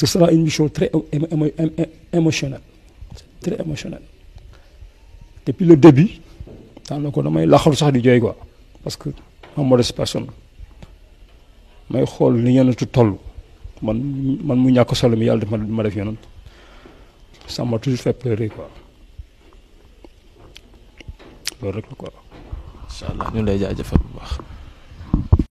ce sera une mission très émotionnelle très émotionnelle depuis le début daanaka damay laxaru sax di joy quoi parce que en modeste personne may xool ni yonentu toll man man mu ñàkk solo mi yàlla def ma def yonent ça m'a toujours fait pleurer quoi loolu rek la quoi. incha allah ñu lay jaajëfal bu baax.